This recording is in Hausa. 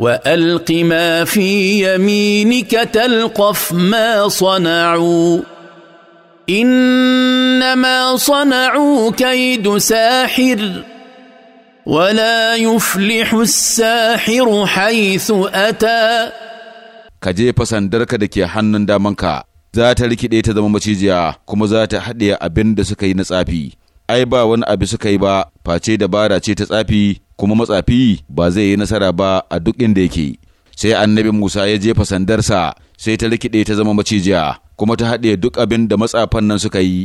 والق ما في يمينك تلقف ما صنعوا انما صنعوا كيد ساحر ولا يفلح الساحر حيث اتى ka jefa sandarka da ke hannun damanka za ta rikide ta zama macijiya kuma za ta haɗe abin da suka yi na tsafi ai ba wani abu suka yi ba face dabara ce ta tsafi kuma matsafi ba zai yi nasara ba a duk inda yake sai annabi Musa ya jefa sandarsa sai ta rikide ta zama macijiya kuma ta haɗe duk abin da matsafan nan suka yi